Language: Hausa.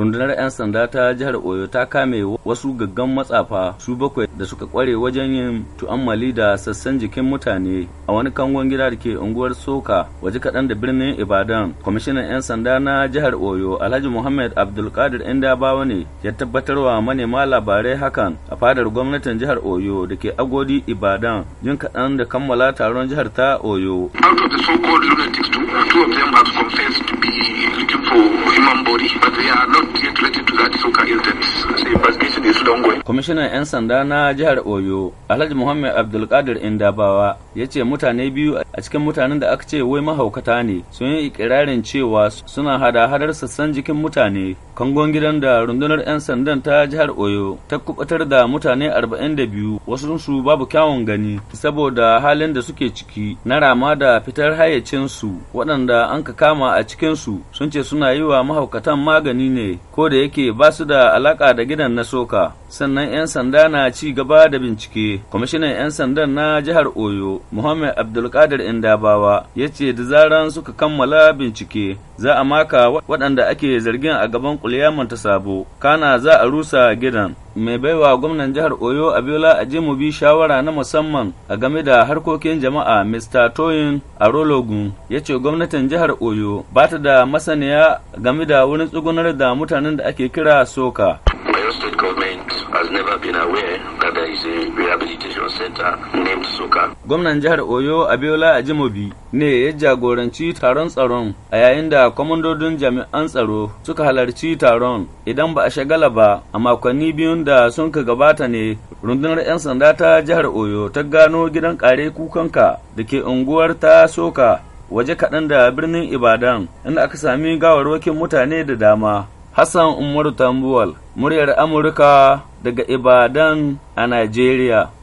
rundunar 'yan sanda ta jihar oyo ta kame wasu gaggan matsafa su bakwai da suka kware wajen yin tu'ammali da sassan jikin mutane a wani kangon gida da ke unguwar soka waje kaɗan da birnin ibadan kwamishinan 'yan sanda na jihar oyo alhaji muhammad abdulkadir indabawa ne ya tabbatarwa manema labarai hakan a fadar gwamnatin jihar oyo da ke agodi ibadan jin kaɗan da kammala taron jihar ta oyo out of the so-called lunatics two of them have confessed Kwamishinan 'yan sanda na jihar Oyo, Alhaji Muhammad Abdulkadir Indabawa, ya ce mutane biyu a cikin mutanen da aka ce wai mahaukata ne sun yi ikirarin cewa suna hada hadar sassan jikin mutane kangon gidan da rundunar 'yan sandan ta jihar oyo ta kubatar da mutane 42 su babu kyawun gani saboda halin da suke ciki na rama da fitar su waɗanda an ka kama a cikinsu sun ce suna yi wa mahaukatan magani ne ko da yake ba su da alaka da gidan na soka sannan 'yan sanda na ci gaba da bincike kwamishinan 'yan sandan na jihar oyo muhammad abdulkadir indabawa ya ce da zaran suka kammala bincike za a maka waɗanda ake zargin a gaban kulyamun ta sabo kana za a rusa gidan mai baiwa gwamnan jihar oyo abiola bi shawara na musamman a game da harkokin jama'a mr toyin arologun ya ce gwamnatin jihar oyo ba ta da masaniya game da wurin tsugunar da mutanen da ake kira soka state government has never been aware that there center named Suka. Gwamnan jihar Oyo Abiola Ajimobi ne ya jagoranci taron tsaron a yayin da kwamandodin jami'an tsaro suka halarci taron idan ba a shagala ba a makonni biyun da sun ka gabata ne rundunar 'yan sanda ta jihar Oyo ta gano gidan kare kukanka da ke unguwar ta Soka waje kaɗan da birnin Ibadan inda aka sami gawarwakin mutane da dama. Hassan Umaru Tambuwal, muryar Amurka daga Ibadan a Najeriya.